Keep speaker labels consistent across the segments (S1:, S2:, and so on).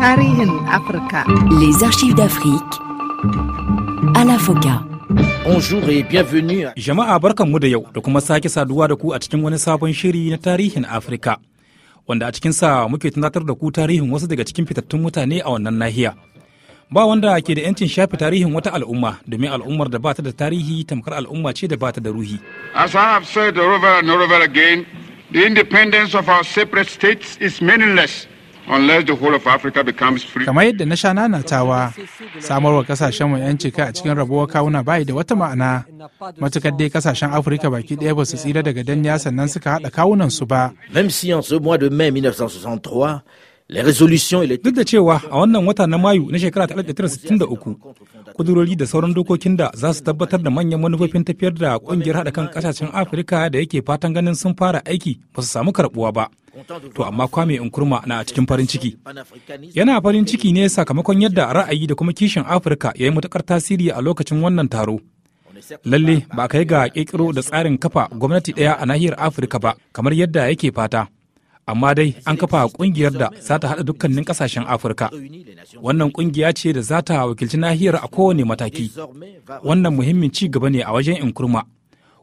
S1: Tarihin Afrika. Les archives d'Afrique à la Foka. Bonjour et bienvenue.
S2: Jama'a barkanmu da yau da kuma sake saduwa da ku a cikin wani sabon shiri na tarihin Afrika. Wanda a cikin cikinsa muke tunatar da ku tarihin wasu daga cikin fitattun mutane a wannan nahiya. Ba wanda ke da 'yancin shafe tarihin wata al'umma domin al'ummar da ba ta da tarihi tamkar al'umma ce da ba ta da ruhi.
S3: As I have said over and over again, The independence of our separate
S4: states is meaningless unless the whole of Africa becomes free.
S2: Kamar yadda na sha nanatawa, samarwa kasashen mu yanci kai a cikin rabuwar kawuna bayi da wata ma'ana. Matukar dai kasashen Afirka baki ɗaya ba su tsira daga danniya sannan suka haɗa kawunan su ba. Même si en ce mois de mai 1963, Duk da cewa a wannan wata na Mayu na shekara ta 1963, kudurori da sauran dokokin da za su tabbatar da manyan manufofin tafiyar da kungiyar haɗa kan ƙasashen Afirka da yake fatan ganin sun fara aiki ba su samu karbuwa ba. To amma Kwame Nkrumah na cikin farin ciki. Yana farin ciki ne sakamakon yadda ra'ayi da kuma kishin Afirka ya yi matuƙar tasiri a lokacin wannan taro. Lalle ba kai ga ƙirƙiro da tsarin kafa gwamnati ɗaya a nahiyar Afirka ba, kamar yadda yake fata. amma dai an kafa kungiyar da za ta haɗa dukkanin ƙasashen afirka wannan kungiya ce da za ta wakilci nahiyar a kowane mataki wannan muhimmin ci gaba ne a wajen inkurma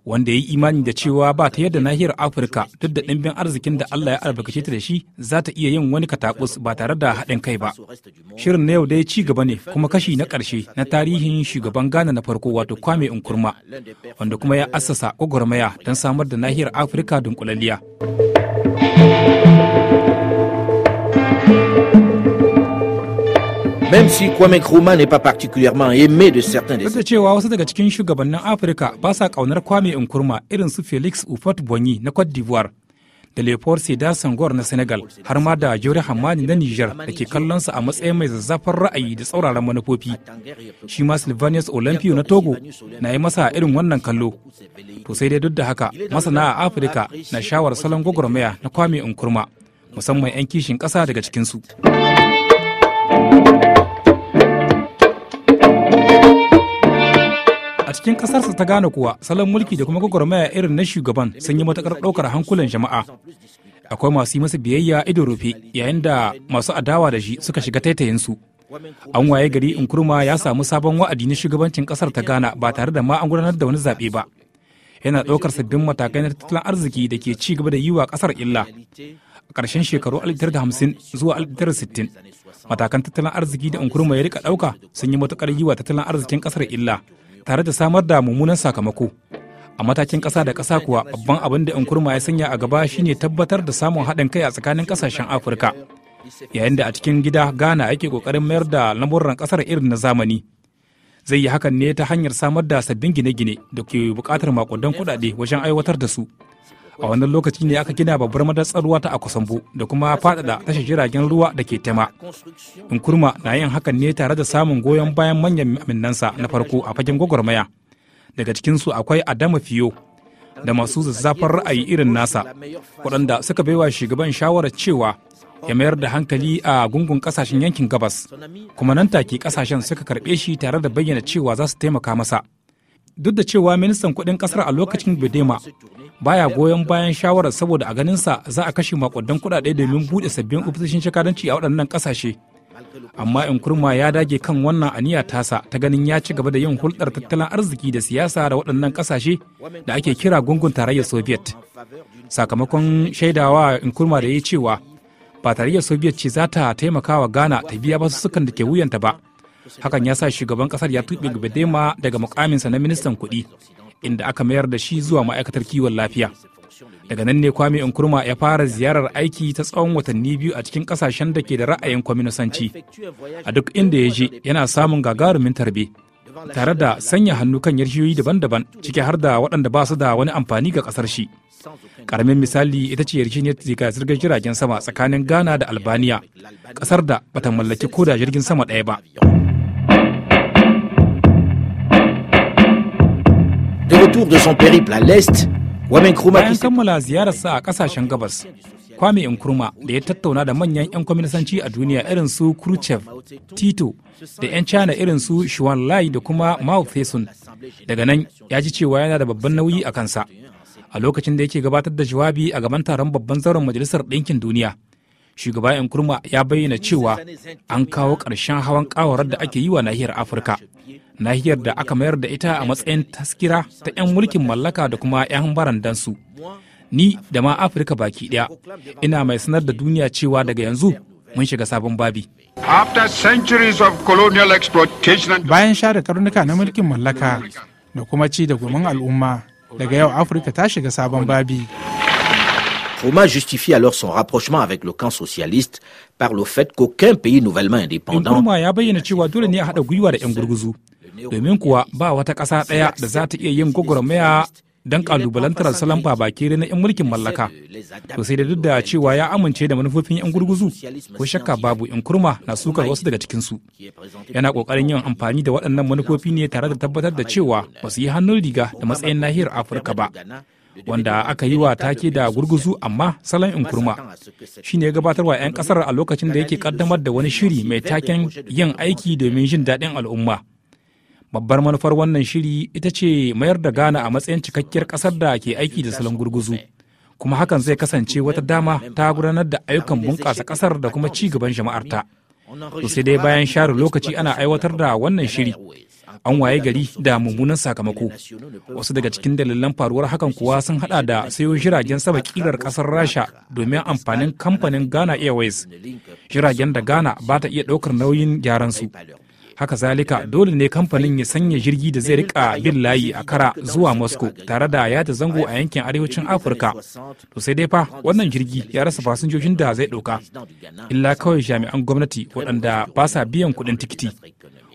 S2: wanda ya yi imani da cewa ba ta yadda nahiyar afirka duk da ɗimbin arzikin da allah ya albarkace ta da shi za ta iya yin wani katakus ba tare da haɗin kai ba shirin na yau dai ci gaba ne kuma kashi na ƙarshe na tarihin shugaban ghana na farko wato kwame nkurma wanda kuma ya assasa gwagwarmaya don samar da nahiyar afirka dunkulalliya
S1: Même si Kwame Nkrumah n'est pas particulièrement aimé de certains des...
S2: da cewa wasu daga cikin shugabannin Afirka ba sa kaunar Kwame Nkrumah irin su Felix Ufot Bonyi na Cote d'Ivoire da lepor Seda Senghor na Senegal har ma da Jori Hamani na Niger da ke kallon sa a matsayin mai zazzafar ra'ayi da tsauraran manufofi. Shi ma Sylvanus Olympio na Togo na yi masa irin wannan kallo. To sai dai duk da haka masana a Afirka na shawar salon gwagwarmaya na Kwame Nkrumah musamman 'yan kishin ƙasa daga cikinsu. su. a cikin kasarsa ta gane kuwa salon mulki da kuma gwagwarmaya irin na shugaban sun yi matakar ɗaukar hankulan jama'a akwai masu yi masa biyayya ido rufe yayin da masu adawa da shi suka shiga taitayinsu an waye gari unkurma ya samu sabon wa'adi na shugabancin kasar ta gana ba tare da ma an gudanar da wani zaɓe ba yana ɗaukar sabbin matakai na tattalin arziki da ke ci gaba da yiwa wa ƙasar illa a ƙarshen shekaru 1950 zuwa sittin matakan tattalin arziki da unkurma ya rika ɗauka sun yi matuƙar yi tattalin arzikin ƙasar illa tare da samar da mummunan sakamako a matakin ƙasa da ƙasa kuwa babban abin da nkurma ya sanya a gaba shine tabbatar da samun haɗin kai a tsakanin ƙasashen afirka yayin da a cikin gida ghana ake ƙoƙarin mayar da lamurran ƙasar irin na zamani zai yi hakan ne ta hanyar samar da sabbin gine-gine da ke buƙatar makudan kuɗaɗe wajen aiwatar da su a wannan lokaci ne aka gina babbar madatsar ruwa ta akusambu da kuma faɗaɗa tashar jiragen ruwa da ke tema nkurma na yin hakan ne tare da samun goyon bayan manyan aminansa na farko a fagen gwagwarmaya daga cikinsu akwai adama fiyo da masu zazzafar ra'ayi irin nasa waɗanda suka baiwa shugaban shawarar cewa ya mayar da hankali a gungun ƙasashen yankin gabas kuma nan take ƙasashen suka karɓe shi tare da bayyana cewa za su taimaka masa duk da cewa ministan kudin kasar a lokacin bedema baya goyon bayan shawarar saboda a ganin sa za a kashe makudan kudade domin bude sabbin ofisoshin shekaranci a waɗannan ƙasashe amma in kurma ya dage kan wannan aniya tasa ta ganin ya ci gaba da yin hulɗar tattalin arziki da siyasa da waɗannan ƙasashe da ake kira gungun tarayyar soviet sakamakon shaidawa in kurma da ya cewa ba tarayyar soviet ce za ta taimakawa wa ghana ta biya basussukan da ke wuyanta ba hakan ya sa shugaban kasar ya tuɓe gabadema daga mukaminsa na ministan kuɗi inda aka mayar da shi zuwa ma'aikatar kiwon lafiya daga nan ne kwame nkrumah ya fara ziyarar aiki ta tsawon watanni biyu a cikin ƙasashen da ke da ra'ayin kwaminisanci a duk inda ya je yana samun gagarumin tarbe tare da sanya hannu kan yarshiyoyi daban-daban ciki har da waɗanda ba su da wani amfani ga ƙasar shi ƙaramin misali ita ce yarjejeniyar zirga-zirgar jiragen sama tsakanin ghana da albania ƙasar da bata mallaki ko da jirgin sama ɗaya ba
S1: De retour de son périple à l'Est, Kwame Nkrumah Bayan
S2: kammala ziyararsa a kasashen gabas, Kwame Nkrumah da ya tattauna da manyan 'yan kwaminisanci a duniya irin su Khrushchev, Tito, da 'yan China irin su Xuan Lai da kuma Mao tse Daga nan ya ji cewa yana da babban nauyi a kansa. A lokacin da yake gabatar da jawabi a gaban taron babban zauren Majalisar Ɗinkin Duniya, shugaba kurma ya bayyana cewa an kawo ƙarshen hawan ƙawarar da ake yi wa nahiyar afirka nahiyar da aka mayar da ita a matsayin taskira ta 'yan mulkin mallaka da kuma 'yan barandansu ni da ma afirka baki ɗaya ina mai sanar da duniya cewa daga yanzu mun shiga sabon babi bayan share karnuka na mulkin mallaka da kuma ci da gumin al'umma daga yau afirka ta shiga sabon babi
S1: Ouma justifie alors son rapprochement avec le camp socialiste par le fait qu'aucun pays nouvellement indépendant.
S2: ya bayyana cewa dole ne a haɗa gwiwa da 'yan gurguzu, domin kuwa ba wata ƙasa ɗaya da za ta iya yin gwagwarmaya don ƙalubalantar salon babakere na 'yan mulkin mallaka to sai da duk da cewa ya amince da manufofin 'yan gurguzu ko shakka babu 'yan kurma na sukar wasu daga cikinsu yana ƙoƙarin yin amfani da waɗannan manufofi ne tare da tabbatar da cewa ba su yi hannun riga da matsayin nahiyar afirka ba wanda aka yi wa take da gurguzu amma salon inkurma ne gabatar wa 'yan kasar a lokacin da yake kaddamar da wani shiri mai taken yin aiki domin jin daɗin al'umma babbar manufar wannan shiri ita ce mayar da ghana a matsayin cikakkiyar ƙasar da ke aiki da salon gurguzu kuma hakan zai kasance wata dama ta gudanar da ayyukan bunƙasa ƙasar da kuma ci gaban jama'arta
S1: sosai dai bayan share
S2: lokaci ana aiwatar da wannan shiri an waye gari da mummunan sakamako wasu daga cikin dalilan faruwar hakan kuwa sun hada da sayo jiragen sama kirar kasar rasha domin amfanin kamfanin ghana airways jiragen da ghana ba ta iya daukar nauyin gyaran su haka zalika dole ne kamfanin ya sanya jirgi da zai rika bin layi a kara zuwa moscow tare da ya ta zango a yankin arewacin afirka to sai dai fa wannan jirgi ya rasa fasinjojin da zai ɗauka illa kawai jami'an gwamnati waɗanda ba sa biyan kuɗin tikiti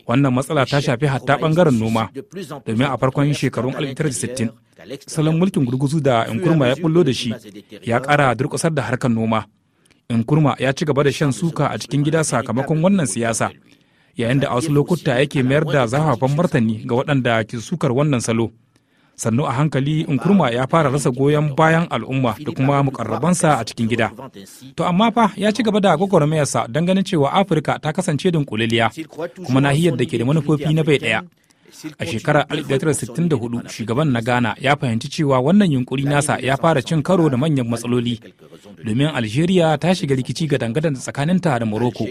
S2: wannan matsala ta shafi hatta bangaren noma domin a farkon shekarun 1960 salon mulkin gurguzu da inkurma ya bullo da shi ya kara durkusar da harkar noma kurma ya ci gaba da shan suka a cikin gida sakamakon wannan siyasa yayin da a wasu lokuta yake mayar da zafafan martani ga waɗanda ke sukar wannan salo sannu a hankali nkrumah ya fara rasa goyon bayan al'umma da kuma mukarrabansa a cikin gida to amma fa ya ci gaba da gwagwarmayarsa don ganin cewa afirka ta kasance dunkuliliya kuma nahiyar da ke da manufofi na bai ɗaya A shekarar 1964 shugaban na Ghana ya fahimci cewa wannan yunkuri nasa ya fara cin karo da manyan matsaloli domin Algeria ta shiga rikici ga dangadan tsakaninta da Morocco.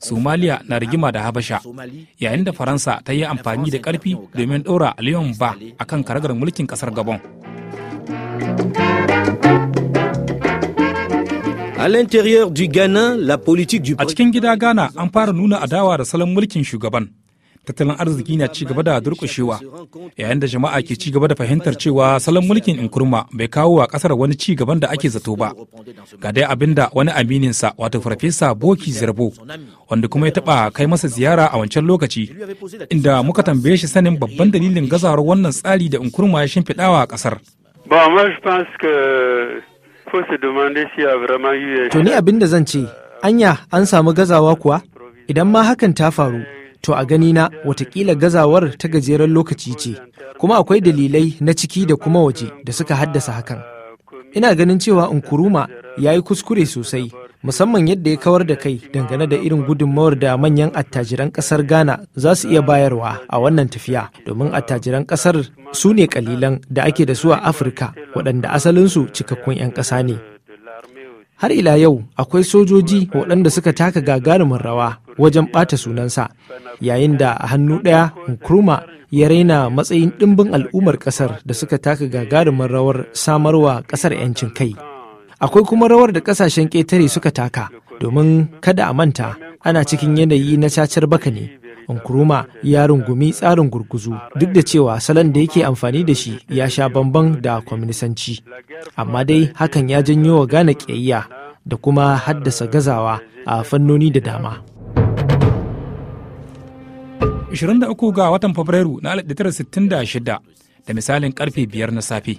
S2: Somalia na rigima da Habasha yayin da Faransa ta yi amfani da karfi domin ɗora Leon Ba akan karagar mulkin ƙasar Gabon. A
S5: l'intérieur
S2: du Ghana, la politique du A cikin gida Ghana an fara nuna adawa da salon mulkin shugaban. tattalin arziki na ci gaba da durƙushewa yayin da jama'a ke ci gaba da fahimtar cewa salon mulkin inkurma bai kawo wa ƙasar wani ci gaban da ake zato ba ga dai abin da wani amininsa wato farfesa boki zirbo wanda kuma ya taba kai masa ziyara a wancan lokaci inda muka tambaye shi sanin babban dalilin gazawar wannan tsari da inkurma ya shimfiɗa a ƙasar.
S3: To ni
S5: abin da zan ce, anya an samu gazawa kuwa? Idan ma hakan ta faru, to a ganina na watakila gazawar ta gajeren lokaci ce kuma akwai dalilai na ciki da kuma waje da suka haddasa hakan ina ganin cewa nkuruma ya yi kuskure sosai musamman yadda ya kawar da kai dangane da irin gudunmawar da manyan attajiran kasar ghana za su iya bayarwa a wannan tafiya domin attajiran kasar su ne kalilan da ake da su a afirka waɗanda asalinsu cikakkun 'yan ƙasa ne har ila yau akwai sojoji waɗanda suka taka gagarumin rawa wajen ɓata sunansa yayin da a hannu ɗaya nkrumah ya raina matsayin ɗimbin al'ummar ƙasar da suka taka gagarumin rawar samarwa ƙasar 'yancin kai akwai kuma rawar da ƙasashen ƙetare suka taka domin kada a manta ana cikin yanayi na cacar baka ne Nkrumah ya rungumi tsarin gurguzu duk da cewa salon da yake amfani da shi ya sha bamban da kwaminisanci. Amma dai hakan ya janyo wa gane ƙiyayya da kuma haddasa gazawa a fannoni da dama.
S2: 23 ga watan Fabrairu na 1966 da misalin karfe 5 na safe.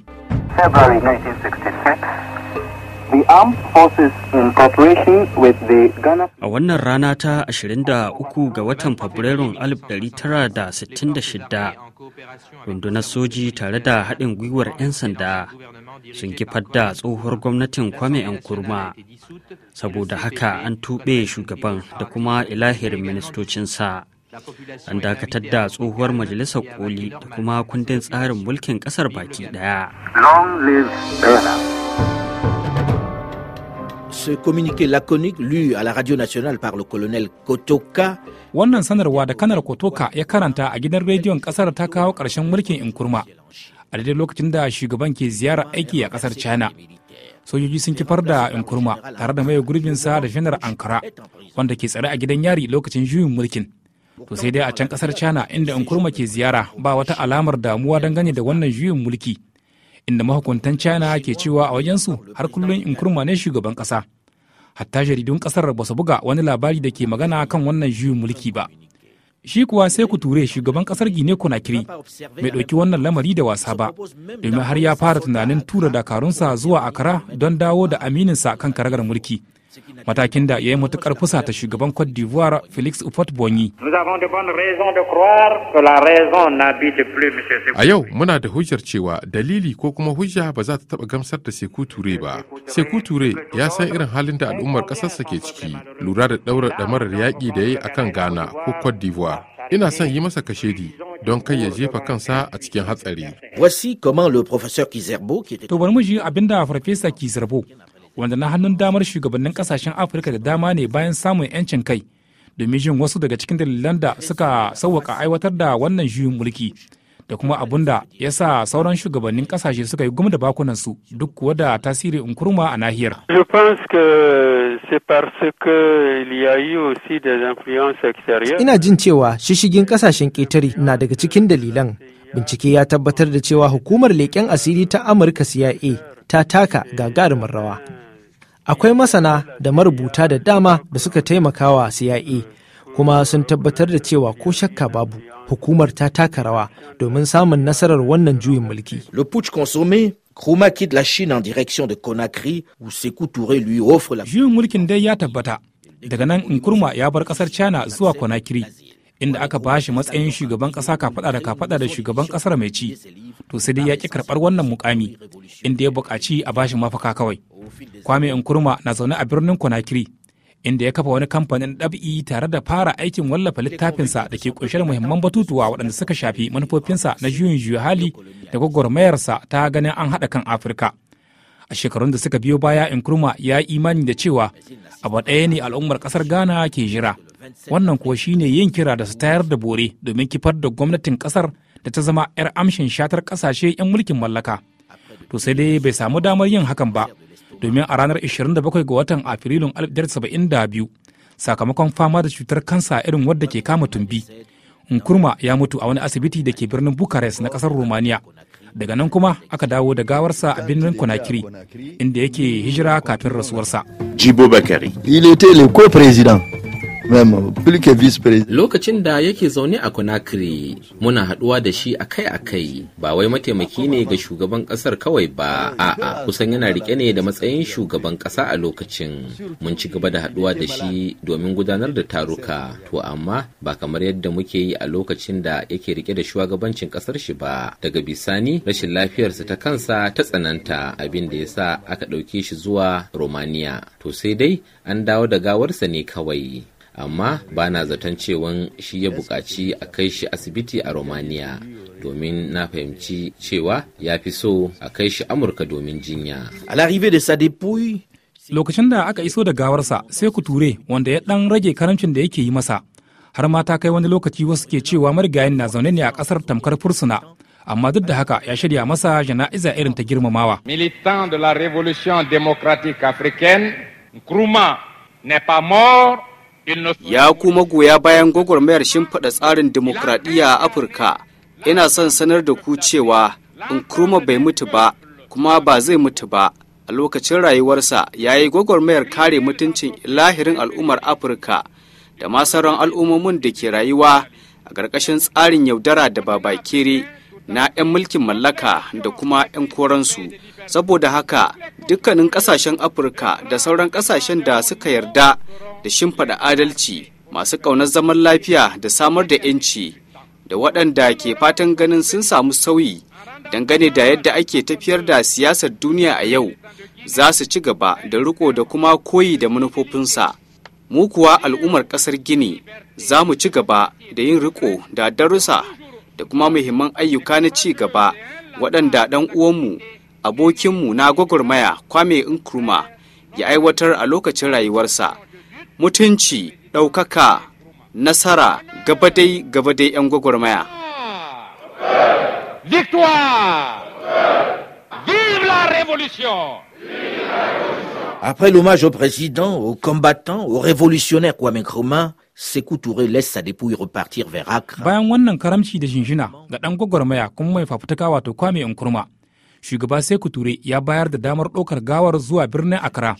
S4: A wannan rana ta 23 ga watan Fabrairun 1966, rundunar soji tare da haɗin gwiwar 'yan sanda sun kifar da tsohuwar gwamnatin kwame yan kurma saboda haka an tuɓe shugaban da kuma ilahirin ministocinsa an dakatar da tsohuwar majalisar koli da kuma kundin tsarin mulkin kasar baki daya
S1: radio le colonel Kotoka. Wannan sanarwa da kanar
S2: Kotoka ya karanta a gidan rediyon kasar ta kawo ƙarshen mulkin inkurma a daidai lokacin da shugaban ke ziyarar aiki a kasar China. Sojoji sun kifar da inkurma tare da mai gurbinsa da shanar Ankara wanda ke tsare a gidan yari lokacin juyin mulkin. to sai dai a can kasar china inda kurma ke ziyara ba wata alamar damuwa dangane da wannan juyin mulki inda mahukuntan china ke cewa a wajensu har kullum in kurma ne shugaban kasa hatta jaridun kasar ba su buga wani labari da ke magana kan wannan juyin mulki ba shi kuwa sai ku ture shugaban kasar gine kiri mai ɗauki wannan lamari da wasa ba domin har ya fara tunanin tura dakarunsa zuwa akara don dawo da amininsa kan karagar mulki matakin da ya yi matukar fusa ta shugaban Cote d'Ivoire Felix Oufot Bonyi. A
S4: yau muna da hujjar cewa dalili ko kuma hujja ba za ta taɓa gamsar da Sekou Touré ba. Sekou Touré ya san irin halin da al'ummar ƙasarsa ke ciki, lura da ɗaurar ɗamarar yaƙi da ya yi akan Ghana ko Cote d'Ivoire. Ina son yi masa kashedi don kai ya jefa kansa a cikin hatsari.
S1: Voici comment le
S2: To bari mu ji abinda farfesa Kizerbo wanda na hannun damar shugabannin kasashen afirka da dama ne bayan samun 'yancin kai domin jin wasu daga cikin dalilan da suka sauwaka aiwatar da wannan juyin mulki da kuma abun da ya sa sauran shugabannin kasashe suka yi gumi da bakunansu duk kuwa da tasiri kurma a nahiyar.
S3: Je Ina jin
S5: cewa shishigin kasashen ƙetare na daga cikin dalilan. Bincike ya tabbatar da cewa hukumar leƙen asiri ta Amurka CIA ta taka gagarumin rawa. Akwai masana da marubuta da dama da suka taimaka wa CIA e, kuma sun tabbatar da cewa ko shakka babu hukumar ta taka rawa domin samun nasarar wannan juyin mulki.
S1: Le putsch consommé quitte la Chine direction de Conakry où Sekou Touré lui offre la Juyin mulkin dai ya tabbata.
S2: Daga nan in Nkrumah ya bar kasar China zuwa Conakry inda aka ba shi matsayin shugaban ƙasa kafada da kafada da shugaban ƙasar mai ci to sai dai ya ki karbar wannan mukami inda ya bukaci a bashi mafaka kawai kwame nkrumah na zaune a birnin konakiri inda ya kafa wani kamfanin dab'i tare da fara aikin wallafa littafinsa da ke kunshe da muhimman batutuwa waɗanda suka shafi manufofinsa na juyin juya hali da gwagwarmayarsa ta ganin an haɗa kan afirka a shekarun da suka biyo baya nkrumah ya imani da cewa abu ɗaya ne al'ummar ƙasar ghana ke jira wannan kuwa shine yin kira da su tayar da bore domin kifar da gwamnatin kasar da ta zama 'yar amshin shatar kasashe 'yan mulkin mallaka to sai dai bai samu damar yin hakan ba domin a ranar 27 ga watan afrilun 1972 sakamakon fama da cutar kansa irin wadda ke kama tumbi nkurma ya mutu a wani asibiti da ke birnin bucharest na kasar romania daga nan kuma aka dawo da gawarsa a birnin conakry inda yake hijira kafin rasuwarsa
S3: jibo bakari
S1: Lokacin da yake zaune a Conakry muna haɗuwa da shi akai-akai ba wai mataimaki ne ga shugaban ƙasar kawai ba a'a kusan yana rike ne da matsayin shugaban ƙasa a lokacin mun ci gaba da haɗuwa da shi domin gudanar da taruka to amma ba kamar yadda muke yi a lokacin da yake rike da shugabancin ƙasar shi ba daga bisani rashin lafiyarsa ta kansa ta tsananta abin da ya sa aka ɗauke shi zuwa Romania to sai dai an dawo da gawarsa ne kawai amma ba na zaton cewan shi ya bukaci a kai shi asibiti a romania domin na fahimci cewa ya fi so a kai shi amurka domin jinya
S2: lokacin da aka iso da gawarsa sai ku ture wanda ya ɗan rage karancin da yake yi masa har ma ta kai wani lokaci wasu ke cewa marigayin na zaune ne a ƙasar tamkar fursuna amma duk da haka ya shirya masa jana'iza irin
S4: ta girmamawa.
S2: Militant de la revolution démocratique africaine, Nkrumah n'est pas mort
S4: ya kuma goya bayan gwagwarmayar shimfiɗa tsarin dimokuraɗiyya a afirka ina son sanar da ku cewa nkrumah bai mutu ba kuma ba zai mutu ba a lokacin rayuwarsa ya yi gwagwarmayar kare mutuncin lahirin al'ummar afirka da ma al'ummomin da ke rayuwa a ƙarƙashin tsarin yaudara da babakere na 'yan mulkin mallaka da kuma 'yan koransu saboda haka dukkanin ƙasashen afirka da sauran ƙasashen da suka yarda da shimfiɗa adalci masu ƙaunar zaman lafiya da samar da 'yanci da waɗanda ke fatan ganin sun samu sauyi dangane da yadda ake tafiyar da siyasar duniya a yau za su ci gaba da riko da kuma koyi da manufofinsa. Mu kuwa al'ummar ƙasar Gini za mu ci gaba da yin riko da darussa da kuma muhimman ayyuka na ci gaba waɗanda ɗan uwanmu abokinmu na gwagwarmaya kwame nkrumah ya aiwatar a lokacin rayuwarsa mutunci ɗaukaka nasara
S1: Victoire.
S2: Vive la révolution
S1: Après l'hommage au président, aux combattants, aux révolutionnaires Kwame Nkrumah, Sekou Touré laisse sa dépouille repartir vers Accra.
S2: Bayan wannan da ga dan kuma wato Kwame Nkrumah, shugaba Sekou Ture ya bayar da damar ɗaukar gawar zuwa birnin Accra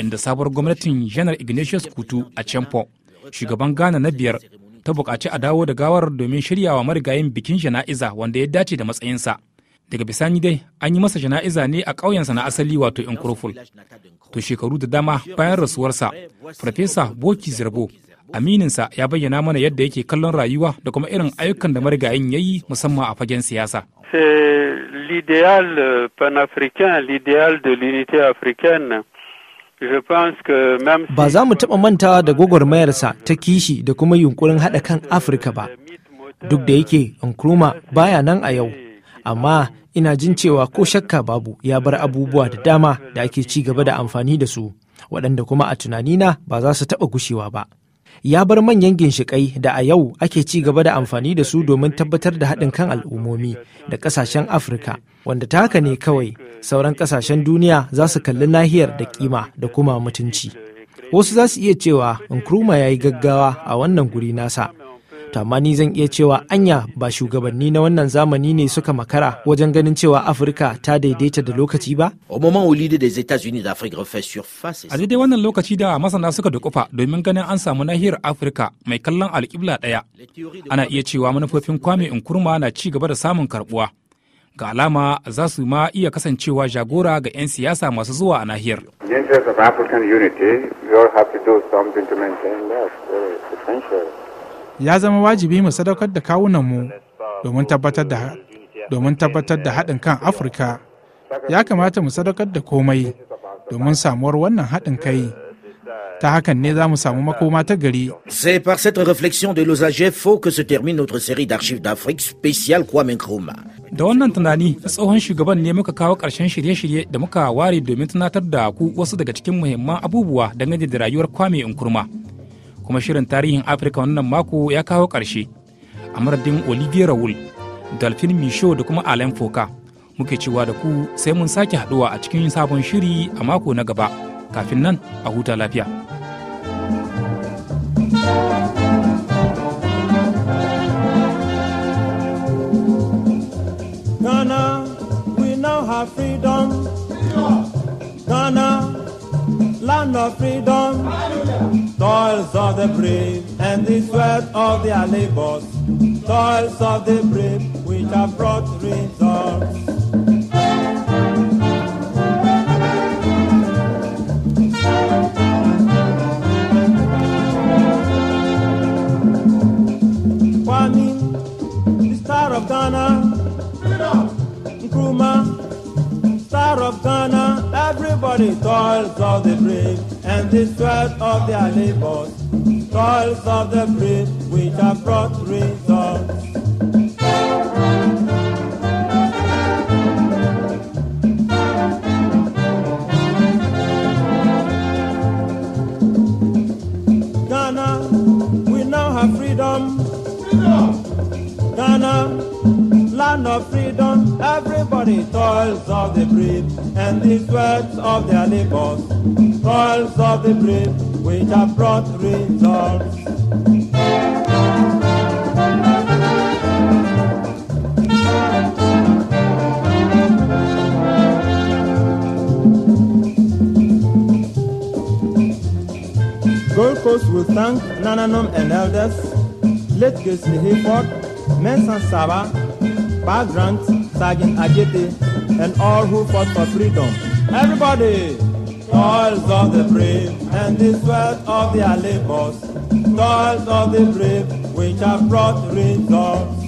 S2: inda sabuwar gwamnatin Janar Ignatius Kutu a Champo shugaban Ghana na biyar ta buƙaci a dawo da gawar domin shiryawa marigayin bikin jana'iza wanda ya dace da matsayinsa. Daga bisani dai an yi masa jana'iza ne a ƙauyensa na asali wato Nkuruful. To shekaru da dama bayan rasuwarsa, Farfesa Boki Zirbo Amininsa ya bayyana mana yadda yake kallon rayuwa da kuma irin ayyukan da marigayin ya yi musamman a fagen siyasa.
S3: l'idéal panafricain, l'idéal de l'unité africaine.
S5: Ba za mu taɓa manta da gwagwarmayarsa ta kishi da kuma yunkurin haɗa kan Afirka ba, duk da yake Nkrumah baya nan a yau, amma ina jin cewa ko shakka babu ya bar abubuwa da dama da ake ci gaba da amfani da su, waɗanda kuma a tunanina ba za su taɓa gushewa ba. ya bar manyan ginshiƙai da a yau ake ci gaba da amfani da su domin tabbatar da haɗin kan al'ummomi da ƙasashen Afirka, wanda ta haka ne kawai sauran ƙasashen duniya za su kalli nahiyar da kima da kuma mutunci. Wasu za su iya cewa Nkrumah ya yi gaggawa a wannan guri nasa, amma ni zan iya cewa anya ba shugabanni na wannan zamani ne suka makara wajen ganin cewa Afirka ta daidaita da lokaci ba? A daidai wannan lokaci da
S2: masana suka dukufa domin ganin an samu nahiyar Afirka mai kallon alƙibla ɗaya. Ana iya cewa manufofin kwame kurma na ci gaba da samun karbuwa. Ga alama za su ma iya kasancewa jagora ga 'yan siyasa masu zuwa a nahiyar. ya zama wajibi mu sadaukar da kawunanmu
S3: domin tabbatar
S2: da haɗin kan afirka ya kamata mu sadaukar da komai domin samuwar wannan haɗin kai ta ta hakan ne za mu samu makoma gari.
S1: C'est par cette réflexion de losage faut que se termine notre série d'archives d'Afrique spéciale Kwame Nkrumah.
S2: Da wannan tunani tsohon shugaban ne muka kawo ƙarshen shirye-shirye da muka ware domin tunatar da ku wasu daga cikin muhimman abubuwa dangane da rayuwar Kwame Nkrumah. kuma shirin tarihin afirka wannan mako ya kawo ƙarshe a madadin olivier raul dolphin misho da kuma alain foka muke cewa da ku sai mun sake haɗuwa a cikin sabon shiri a mako na gaba kafin nan a huta lafiya.
S3: son of freedom. Toils of the brave and the sweat of their labors. Toils of the brave which have brought results. the toils of the brave and the sweat of their labors, toils of the brave which have brought results. Ghana, we now have freedom. freedom. Ghana, land of freedom toils of the brave and the sweat of their labors, toils of the brave which have brought results. Gold Coast will thank Nananum and elders, late Gesli Hayford, Mensah Sabah, Bagrant, Sergeant Ajete, and all who fought for freedom. Everybody! Toils of the brave and the sweat of their labors, toils of the brave which have brought results.